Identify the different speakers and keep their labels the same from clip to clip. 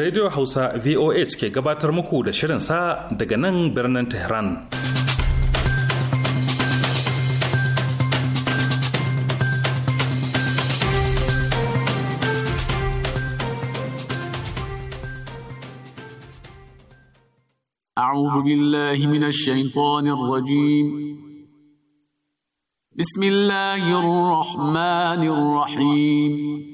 Speaker 1: radio hausa voh ke gabatar muku da shirin daga nan birnin tehran
Speaker 2: أعوذ
Speaker 3: بالله من الشيطان الرجيم بسم الله الرحمن الرحيم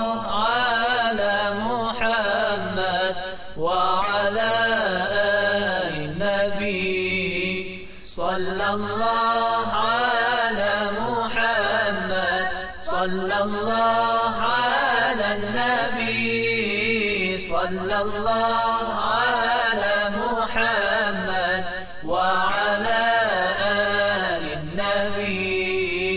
Speaker 3: صلى الله على النبي صلى الله على محمد وعلى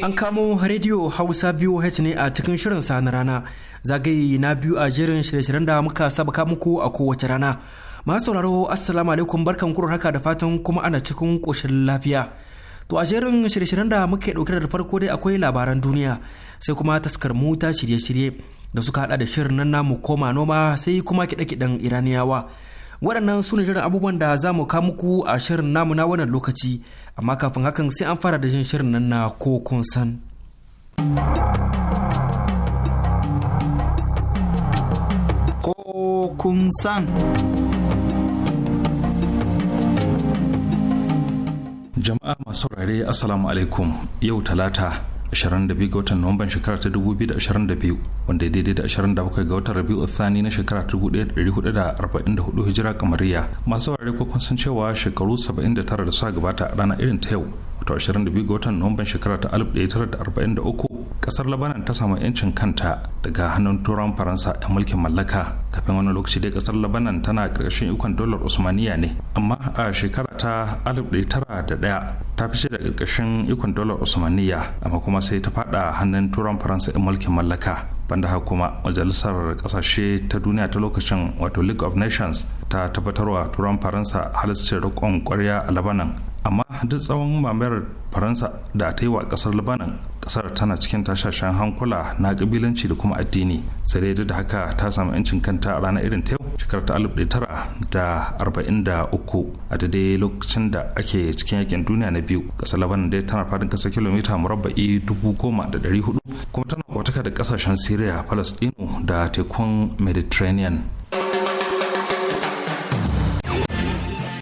Speaker 4: An kamo rediyo Hausa VOH ne a cikin shirin sa na rana zagaye na biyu a jerin shirye-shiryen da muka sabaka muku a kowace rana. Masu sauraro Assalamu alaikum barkan kuro haka da fatan kuma ana cikin ƙoshin lafiya. To a jerin shirye-shiryen da muke ɗauke da farko dai akwai labaran duniya sai kuma taskar mota shirye-shirye da suka hada da shirin nan namu koma noma sai kuma kiɗe-kiɗen iraniyawa waɗannan su ne shirin abubuwan da za mu ka muku a shirin namu na wannan lokaci amma kafin hakan sai an fara da jin shirin nan na ko kun
Speaker 1: jama'a masu rare assalamu alaikum yau talata 22 ga watan Nuwamban shekara ta 2022 wanda daidai da 27 ga watan Rabiu Thani na shekara ta 1444 Hijira kamariya masu ware kokon sun cewa shekaru 79 da suka gabata a ranar irin ta yau wato 22 ga watan nuwamban shekara ta 1943 kasar labanan ta samu 'yancin kanta daga hannun turan faransa 'yan mulkin mallaka kafin wani lokaci dai kasar labanan tana ƙarshen ikon dolar usmaniya ne amma a shekara ta 1901 ta fice da ƙarƙashin ikon dolar usmaniya amma kuma sai ta fada hannun turan faransa 'yan mulkin mallaka banda hakuma kuma majalisar kasashe ta duniya ta lokacin wato league of nations ta tabbatarwa turan faransa halittar rikon kwarya a labanan amma duk tsawon mamayar faransa da ta yi wa kasar labanan kasar tana cikin tashashen hankula na kabilanci da kuma addini sai dai da haka ta samu yancin kanta a ranar irin ta yau shekarar ta alif tara da arba'in da uku a lokacin da ake cikin yakin duniya na biyu kasar labanan dai tana fadin kasar kilomita murabba'i dubu goma da ɗari hudu kuma tana dangantaka da kasashen syria palestino da tekun mediterranean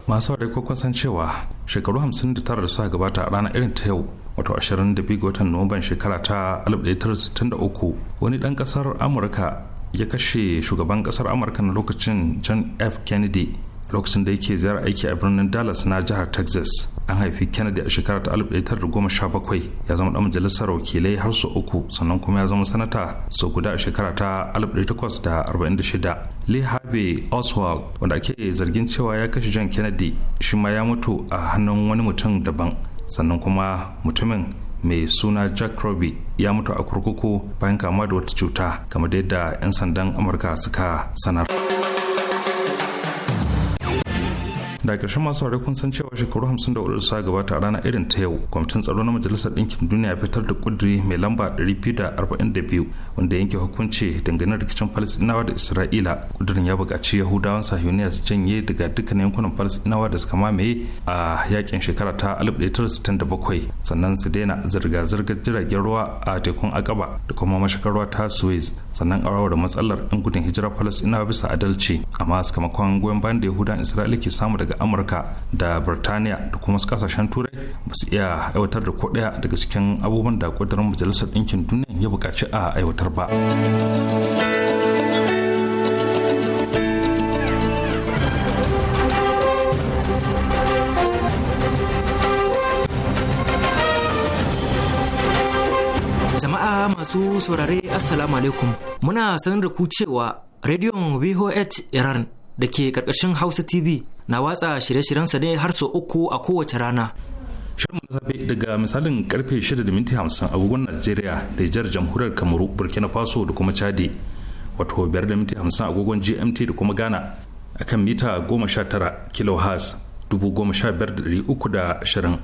Speaker 1: masu wadai kokon san cewa shekaru 59 da suka gabata a ranar irin ta yau wato 22 ga watan nuwamban shekara ta 1963 wani dan kasar amurka ya kashe shugaban kasar amurka na lokacin john f kennedy lokacin da yake ziyarar aiki a birnin dallas na jihar texas an haifi kennedy a shekarar 1917 ya zama dan majalisar wakilai har su uku sannan kuma ya zama sanata sau guda a shekara ta 1846 lee harvey oswald wanda ake zargin cewa ya kashe john kennedy shi ma ya mutu a hannun wani mutum daban sannan kuma mutumin mai suna jack roby ya mutu a kurkuku bayan kama da wata cuta kamar da yadda 'yan sandan amurka suka sanar. da ƙarshen masu wari kun san cewa shekaru hamsin da su sa gabata a rana irin ta yau kwamitin tsaro na majalisar ɗinkin duniya fitar da ƙuduri mai lamba biyu da da arba'in ɗari biyu wanda yanke hukunci dangane rikicin falasɗinawa da isra'ila ƙudurin ya buƙaci yahudawan sahiyoniya su janye daga dukkanin yankunan falasɗinawa da suka mamaye a yakin shekara ta da bakwai sannan su daina zirga-zirgar jiragen ruwa a tekun akaba da kuma mashakar ruwa ta suez sannan a da matsalar ɗan gudun hijira falasɗinawa bisa adalci amma sakamakon goyon bayan da yahudawan isra'ila ke samu daga daga amurka da birtaniya da kuma wasu kasashen turai ba su iya aiwatar da kodaya daga cikin abubuwan da kudurin majalisar ɗinkin duniya ya buƙaci a aiwatar ba
Speaker 4: jama'a masu saurare assalamu alaikum muna sanar da ku cewa rediyon voh iran da ke karkashin hausa tv
Speaker 1: na watsa shirye-shiryensa ne har sau uku a kowace rana. Shirin safe daga misalin karfe 6:50 agogon Najeriya da jihar jamhuriyar Kamaru, Burkina Faso da kuma Chadi, wato 5:50 agogon GMT da kuma Ghana akan mita 19 kHz 15320.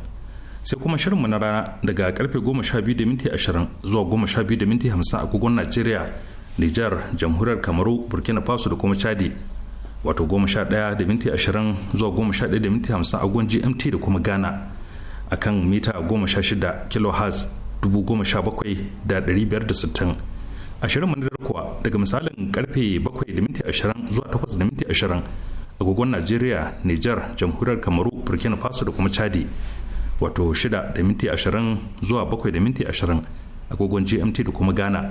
Speaker 1: Sai kuma shirinmu na rana daga karfe 12:20 zuwa 12:50 agogon Najeriya, Nijar, jamhuriyar Kamaru, Burkina Faso da kuma Chadi. wato 11 da minti ashirin zuwa 11 da minti gmt da kuma ghana a kan mita 16 kilohertz 17,560 ashirin manadar kuwa daga misalin karfe bakwai da minti ashirin zuwa takwas da minti ashirin agogon najeriya niger jamhuriyar kamaru burkina faso da kuma chadi wato shida da minti ashirin zuwa bakwai da minti ashirin agogon gmt da kuma ghana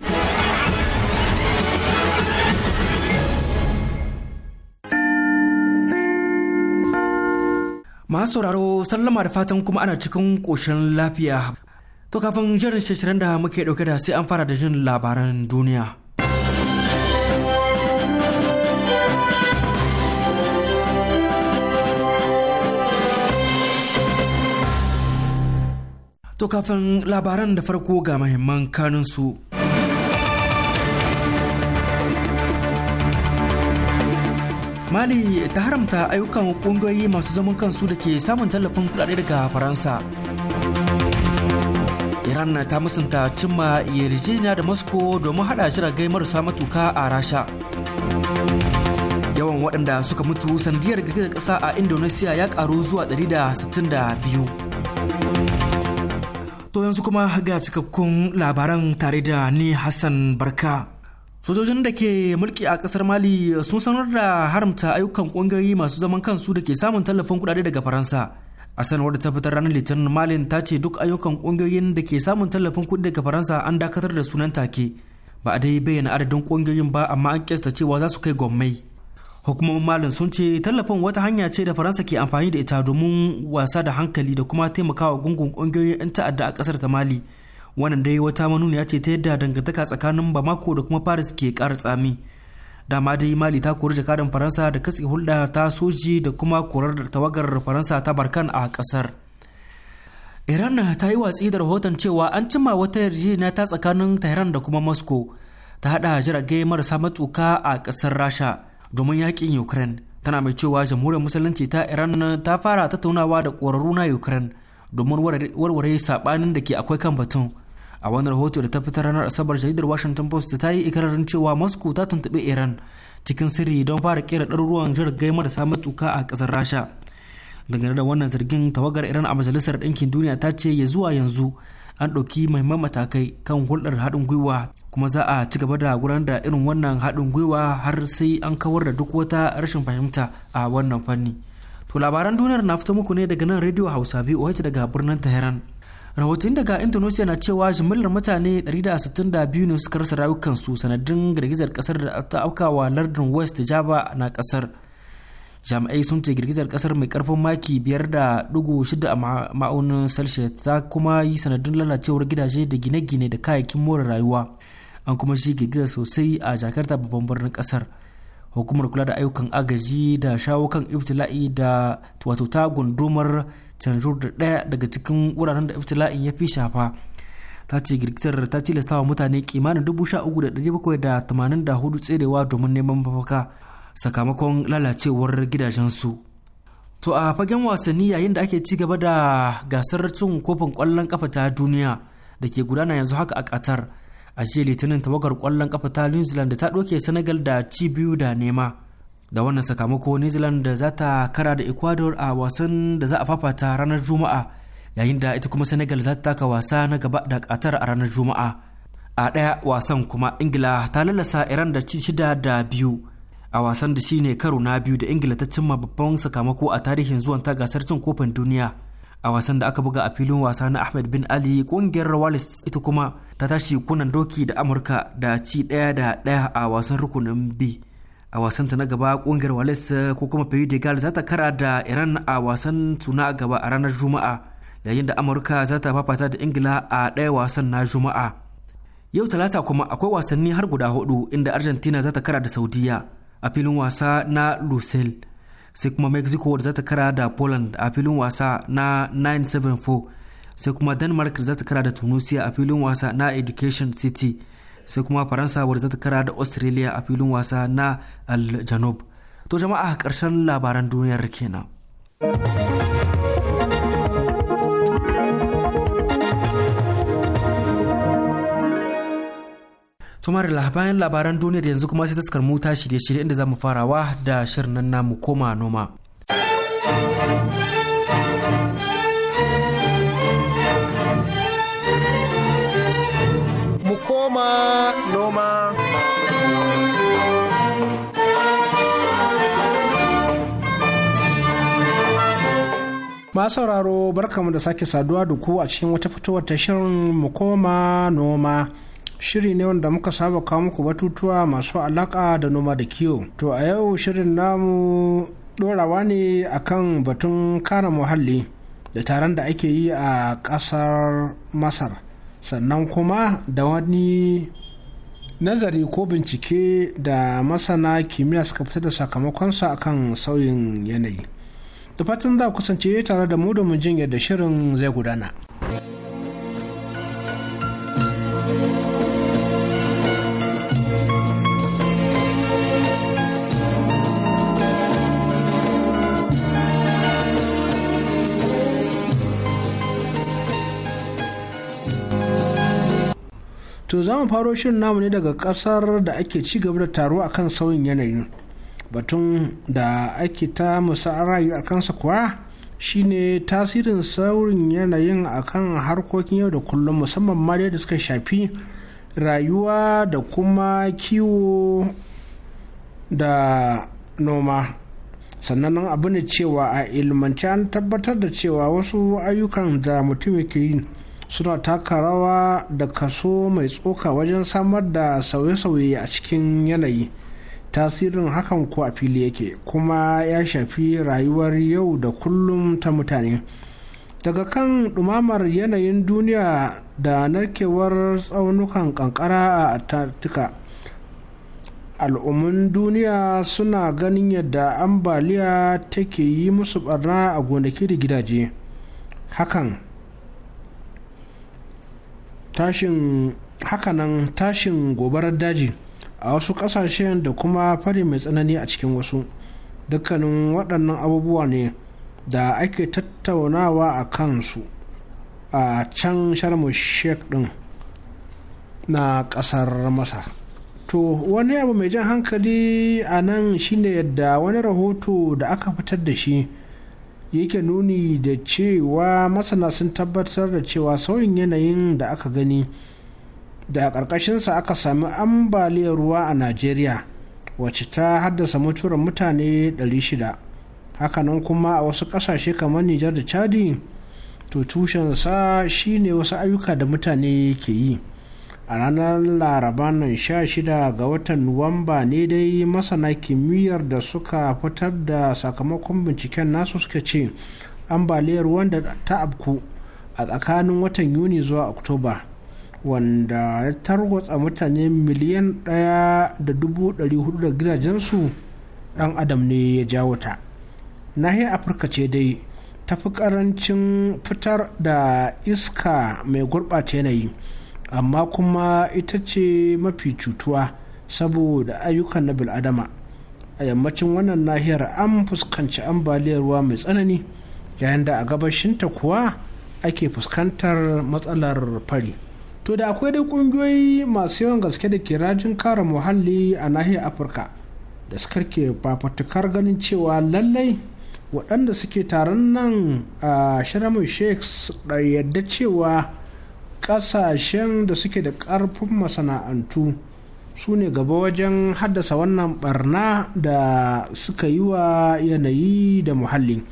Speaker 4: masu sauraro sallama da fatan kuma ana cikin koshin lafiya to kafin jirin shirin da muke ɗauke da sai an fara da jin labaran duniya to kafin labaran da farko ga mahimman kanunsu mali ta haramta ayyukan kungiyoyi masu zaman kansu da ke samun tallafin kudade daga faransa iran ta musanta cimma yarjejeniya da moscow domin hada jiragai marasa matuka a rasha yawan waɗanda suka mutu sandiyar girgizar ƙasa a indonesia ya ƙaru zuwa 162 to yanzu kuma ga cikakkun labaran tare da ni hassan barka sojojin da ke mulki a kasar mali sun sanar da haramta ayyukan kungiyoyi masu zaman kansu da ke samun tallafin kudade daga faransa a sanarwar da ta fitar ranar litinin mali ta ce duk ayyukan kungiyoyin da ke samun tallafin kudi daga faransa an dakatar da sunan take ba a dai bayyana adadin kungiyoyin ba amma an kesta cewa za su kai gwammai hukumomin malin sun ce tallafin wata hanya ce da faransa ke amfani da ita domin wasa da hankali da kuma taimakawa gungun kungiyoyin 'yan ta'adda a kasar ta mali wannan dai wata manuniya ce ta yadda dangantaka tsakanin bamako da kuma paris ke ƙara tsami dama dai mali ta kori jakadan faransa da katse hulɗa ta soji da kuma korar da tawagar faransa ta barkan a kasar. iran ta yi watsi da rahoton cewa an cimma wata yarjejeniya ta tsakanin tehran da kuma moscow ta hada jirage marasa matsuka a kasar rasha domin yakin ukraine tana mai cewa jamhuriyar musulunci ta iran ta fara tattaunawa da ƙwararru na ukraine domin warware saɓanin da ke akwai kan batun a wani rahoto da ta fitar ranar asabar jaridar washington post ta yi ikirarin cewa moscow ta tuntuɓi iran cikin sirri don fara kera ɗaruruwan da samun tuka a ƙasar rasha dangane da wannan zargin tawagar iran a majalisar ɗinkin duniya ta ce ya zuwa yanzu an ɗauki mahimman matakai kan hulɗar haɗin gwiwa kuma za a ci gaba da gudanar da irin wannan haɗin gwiwa har sai an kawar da duk wata rashin fahimta a wannan fanni to labaran duniyar na fito muku ne daga nan radio hausa voh daga birnin tehran rahoton daga indonesia na cewa jimillar mutane 162 ne suka rasa rayukansu sanadin girgizar kasar da ta wa lardin west java na kasar jami'ai sun ce girgizar kasar mai karfin maki 5.6 a ma'aunin celsius ta kuma yi sanadin lalacewar gidaje da gine-gine da kayayyakin more rayuwa an kuma shi girgizar sosai a jakarta babban birnin kasar hukumar kula da ayyukan agaji da shawo kan ibtila'i da wato ta gundumar canjur da ɗaya daga cikin wuraren da iftila'in ya fi shafa ta ce girgizar ta tilasta wa mutane kimanin dubu sha uku da ɗari bakwai da tamanin da hudu tserewa domin neman mafaka sakamakon lalacewar gidajensu to a fagen wasanni yayin da ake ci gaba da gasar cin kofin kwallon kafa ta duniya da ke gudana yanzu haka a qatar a jiya litinin tawagar kwallon kafa ta new zealand ta ɗauke senegal da ci biyu da nema da wannan sakamako new zealand za ta kara da ecuador a wasan da za a fafata ranar juma'a yayin da ita kuma senegal za ta taka wasa na gaba da katar a ranar juma'a a ɗaya wasan kuma ingila ta lalasa iran da ci shida da biyu a wasan da shine karo na biyu da ingila ta cimma babban sakamako a tarihin zuwan ta gasar cin kofin duniya a wasan da aka buga a filin wasa na ahmed bin ali kungiyar walis ita kuma ta tashi kunan doki da amurka da ci daya da ɗaya a wasan rukunin b a wasan ta na gaba kungiyar wales eh, ko kuma gal za ta kara da iran a wasan na gaba a ranar juma'a yayin da amurka za ta fafata da ingila a ɗaya wasan na juma'a yau talata kuma akwai wasanni har guda hudu inda argentina za ta kara da saudiya a filin wasa na lucille sai kuma mexico da za ta kara da poland a filin wasa na 974 sai kuma denmark za ta kara da tunisia a filin wasa na education city sai kuma faransa wadda ta kara da australia a filin wasa na aljanob to jama'a karshen labaran duniyar kenan tumarila bayan labaran duniyar yanzu kuma sai taskar mu ta shirye shirye inda zamu farawa da shirin nan namu koma noma
Speaker 5: Ma sauraro barkamu da sake saduwa da ku a cikin wata fitowar ta shirin mu koma noma. Shiri ne wanda muka saba kawo muku batutuwa masu alaka da noma da kiwo. To a yau shirin namu dorawa ne akan batun kare muhalli da taron da ake yi a ƙasar Masar. Sannan kuma da wani nazari ko bincike da masana kimiyya suka fita da sakamakonsa akan sauyin yanayi. da fatan za kusance tare da mu da mu jin yadda shirin zai gudana. To za mu faro shirin namu ne daga kasar da ake ci gaba da taro akan sauyin yanayin batun da ake ta rayu a kansa kuwa shine tasirin saurin yanayin akan harkokin yau da kullum musamman ma da suka shafi rayuwa da kuma kiwo da noma sannan abu ne cewa a ilmance an tabbatar da cewa wasu ayyukan da mutum ke yi suna taka rawa da kaso mai tsoka wajen samar da sauye-sauye a cikin yanayi tasirin hakan ko a fili yake kuma ya shafi rayuwar yau da kullum ta mutane daga kan ɗumamar yanayin duniya da narkewar tsaunukan kankara a antarctica al'ummin duniya suna ganin yadda ambaliya take yi musu barna a gonaki da gidaje hakan tashin hakanan tashin gobarar daji a wasu kasashen da kuma fari mai tsanani a cikin wasu dukkanin waɗannan abubuwa ne da ake tattaunawa a kansu a can sharmu sheik ɗin na ƙasar masar to wani abu mai jan hankali a nan shine yadda wani rahoto da aka fitar da shi yake nuni da cewa masana sun tabbatar da cewa sauyin yanayin da aka gani da ƙarƙashinsa aka sami ambaliyar ruwa a najeriya wacce ta haddasa mutuwar mutane 600 hakanan kuma a wasu ƙasashe kamar nijar da chadi to tushensa shine wasu ayyuka da mutane ke yi a ranar laraba nan 16 ga watan nuwamba ne dai masana kimiyyar da suka fitar da sakamakon binciken nasu suka ce ambaliyar ruwan da ta abku a tsakanin watan yuni zuwa oktoba wanda ya tarwatsa mutane miliyan ɗaya da dubu ɗari hudu da gidajensu ɗan adam ne ya jawo ta nahiyar afirka ce dai ta fi ƙarancin fitar da iska mai gurɓata yanayi amma kuma ita ce mafi cutuwa saboda ayyukan na bil'adama a yammacin wannan nahiyar an fuskanci ambaliyar ruwa mai tsanani yayin da a gabashinta kuwa ake fuskantar matsalar fari to da akwai dai kungiyoyi masu yawan gaske da ke rajin kare muhalli a nahiyar afirka da suka ke fafatukar ganin cewa lallai waɗanda suke taron nan a shiramun sheikh yadda cewa ƙasashen da suke da ƙarfin masana'antu su ne gaba wajen haddasa wannan barna da suka yi wa yanayi da muhalli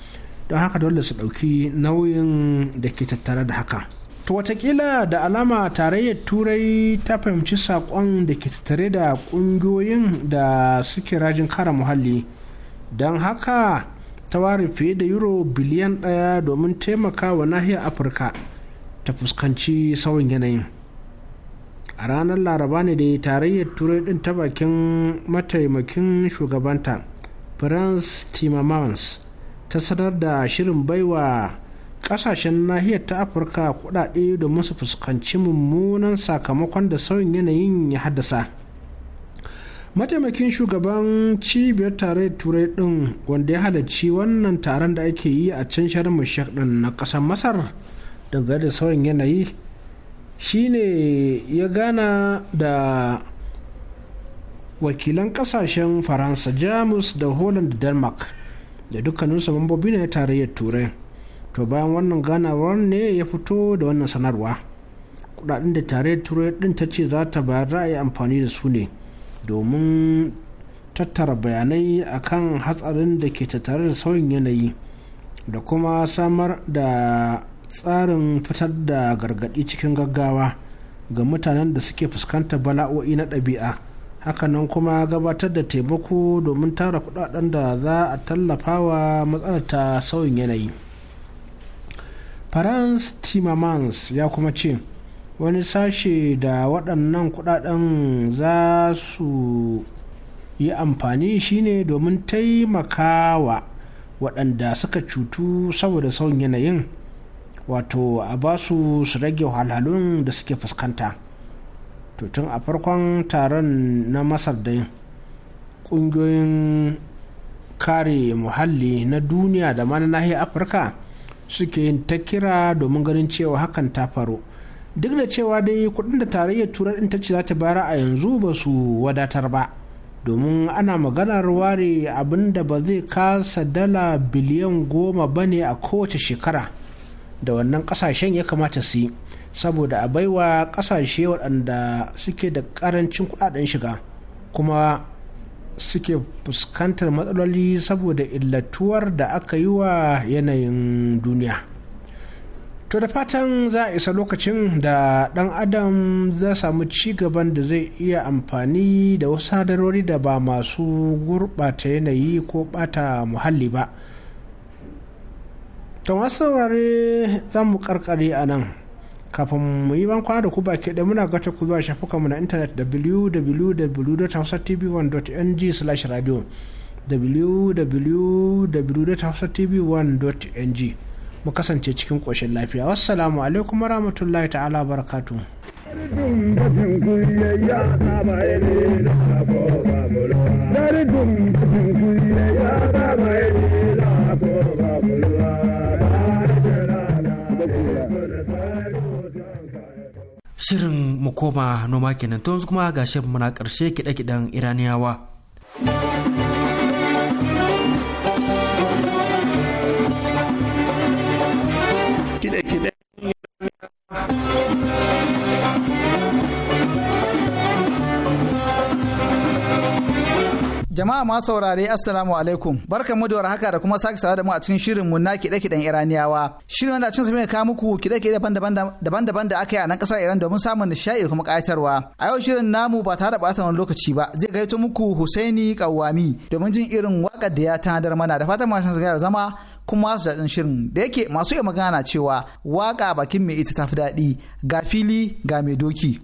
Speaker 5: don haka dole su ɗauki nauyin da ke tattare da haka. to watakila da alama tarayyar turai ta fahimci saƙon da ke tattare da ƙungiyoyin da suke rajin kare muhalli don haka ta ware fiye da euro biliyan ɗaya domin taimaka wa nahiyar afirka ta fuskanci sauyin yanayin a ranar laraba ne da tarayyar turai ɗin ta bakin mataimakin shugabanta france timmermans ta sanar da shirin baiwa kasashen nahiyar ta afirka kudade domin su fuskanci mummunan sakamakon da sauyin yanayin ya haddasa mataimakin shugaban cibiyar tare turai din wanda ya halarci wannan taron da ake yi a can sharm din na kasar masar dangane da sauyin yanayi shine ya gana da wakilan kasashen faransa jamus da holland da denmark da dukkaninsu mambobi na tarayyar turai to bayan wannan ganawar ne ya fito da wannan sanarwa kudaden da tare turai din ta ce za ta bayar za a yi amfani da su ne domin tattara bayanai akan hatsarin da ke tattare da sauyin yanayi da kuma samar da tsarin fitar da gargaɗi cikin gaggawa ga mutanen da suke fuskanta bala'o'i na ɗabi'a hakanan kuma gabatar da taimako domin tara kudaden da za a tallafa wa matsalar ta sauyin yanayi france Timmermans ya kuma ce wani sashe da waɗannan kudaden za su yi amfani shine domin taimakawa waɗanda suka cutu saboda sauyin yanayin wato a basu su rage halhalun da suke fuskanta to tun a farkon taron na masar da ƙungiyoyin kare muhalli na duniya da ma na nahiyar afirka suke yin ta kira domin ganin cewa hakan ta faru duk da cewa dai kuɗin da tarayyar turar ta ce za ta bara a yanzu ba su wadatar ba domin ana maganar ware abin da ba zai kasa dala biliyan goma ba ne a kowace shekara da wannan kasashen ya kamata su yi saboda a baiwa kasashe waɗanda suke da ƙarancin kuɗaɗen shiga kuma suke fuskantar matsaloli saboda illatuwar da aka yi wa yanayin duniya to da fatan za a isa lokacin da dan adam za samu ci gaban da zai iya amfani da wasu sadarori da ba masu gurɓata yanayi ko ɓata muhalli ba to masu saurare za mu karkare a nan kafin mu yi ban kwana da ku baki ɗaya muna gata ku zuwa shafukanmu na intanet www.hausatv1.ng/radio www.hausatv1.ng mu kasance cikin ƙoshin lafiya wassalamu alaikum warahmatullahi ta'ala barakatu
Speaker 2: Dari dum dum kuye ya baba ya ko
Speaker 4: ba Shirin mu koma noma kenan to yanzu kuma ga shirin muna karshe kiɗe-kiɗen Iraniyawa.
Speaker 6: Jama'a ma saurare Assalamu alaikum. Barkan mu da haka da kuma sake sawa da mu a cikin shirin mu na kiɗe-kiɗen Iraniyawa. Shirin wanda cin sabai ka muku kiɗe-kiɗe daban-daban da aka yi a nan ƙasar Iran domin samun nishaɗi kuma ƙayatarwa. A yau shirin namu ba tare da ɓata wani lokaci ba zai gaito muku Husaini Kawami domin jin irin waƙar da ya tanadar mana da fatan masu zama kuma su daɗin shirin da yake masu iya magana cewa waƙa bakin mai ita tafi daɗi ga fili ga mai doki.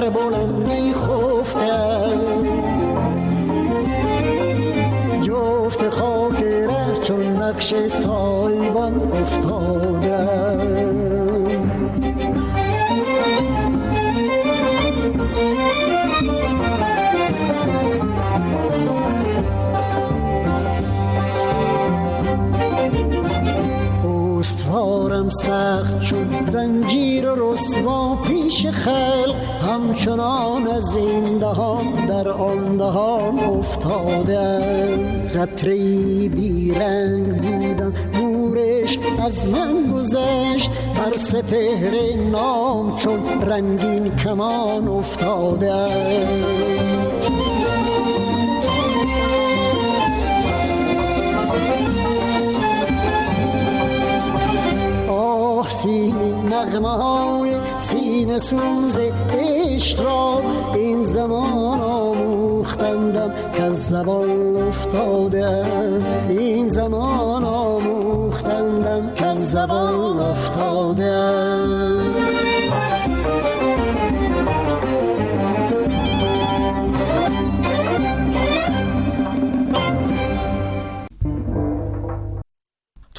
Speaker 3: بر بلندی خفته جفت خاک ره چون نقش سایبان افتادم استوارم سخت چون زنجیر و رسوا پیش خلق همچنان از این دهان در آن دهان افتادم قطری بیرنگ بودم نورش از من گذشت بر سپهر نام چون رنگین کمان افتاده بخشی نغمه های سینه سوز عشق را این زمان آموختندم که از زبان افتاده این زمان آموختندم که از زبان افتاده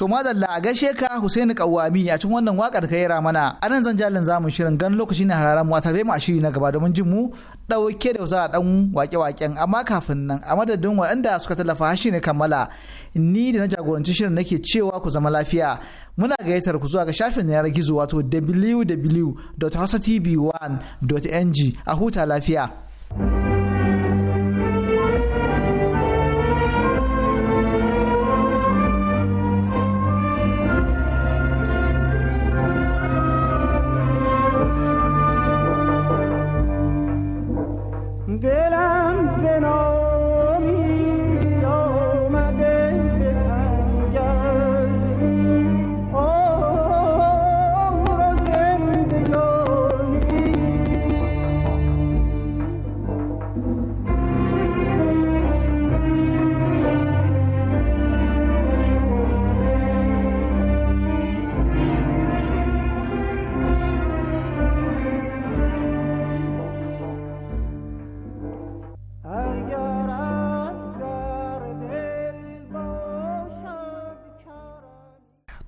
Speaker 6: To madalla a gaishe ka Husaini Kawami a cikin wannan waka da ka yi mana. A nan zan jalin zamu shirin gan lokaci na hararan mu a tarbe mu a shiri na gaba domin jin mu dauke da wasa dan wake-waken amma kafin nan a madadin waɗanda suka tallafa hashi ne kammala. Ni da na jagoranci shirin nake cewa ku zama lafiya. Muna gayyatar ku zuwa ga shafin yanar gizo wato www.hausatv1.ng a huta lafiya. thank you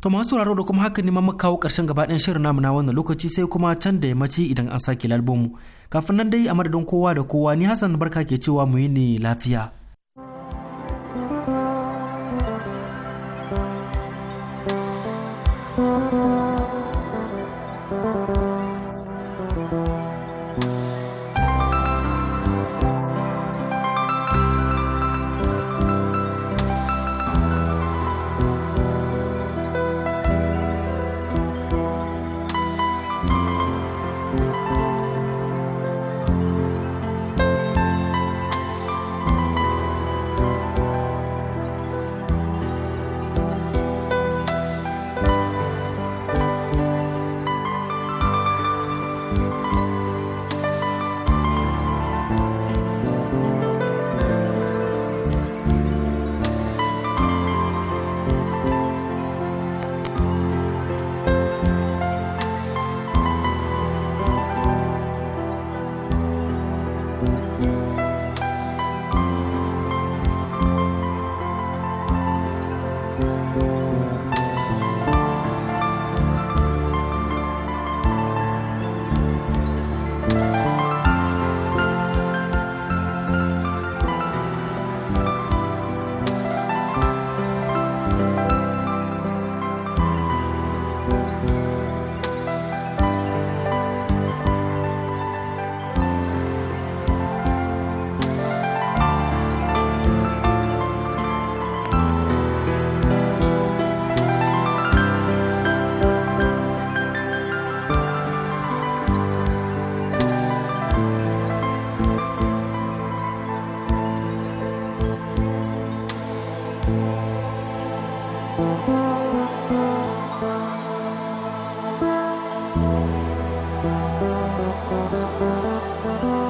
Speaker 4: To masu sauraro da kuma haka neman kawo karshen gabaɗayan shirin namu na wannan lokaci sai kuma can da yammaci idan an sake lalbomu. Kafin nan dai a madadin kowa da kowa ni Hassan barka ke cewa mu yi ne lafiya.
Speaker 2: Thank you.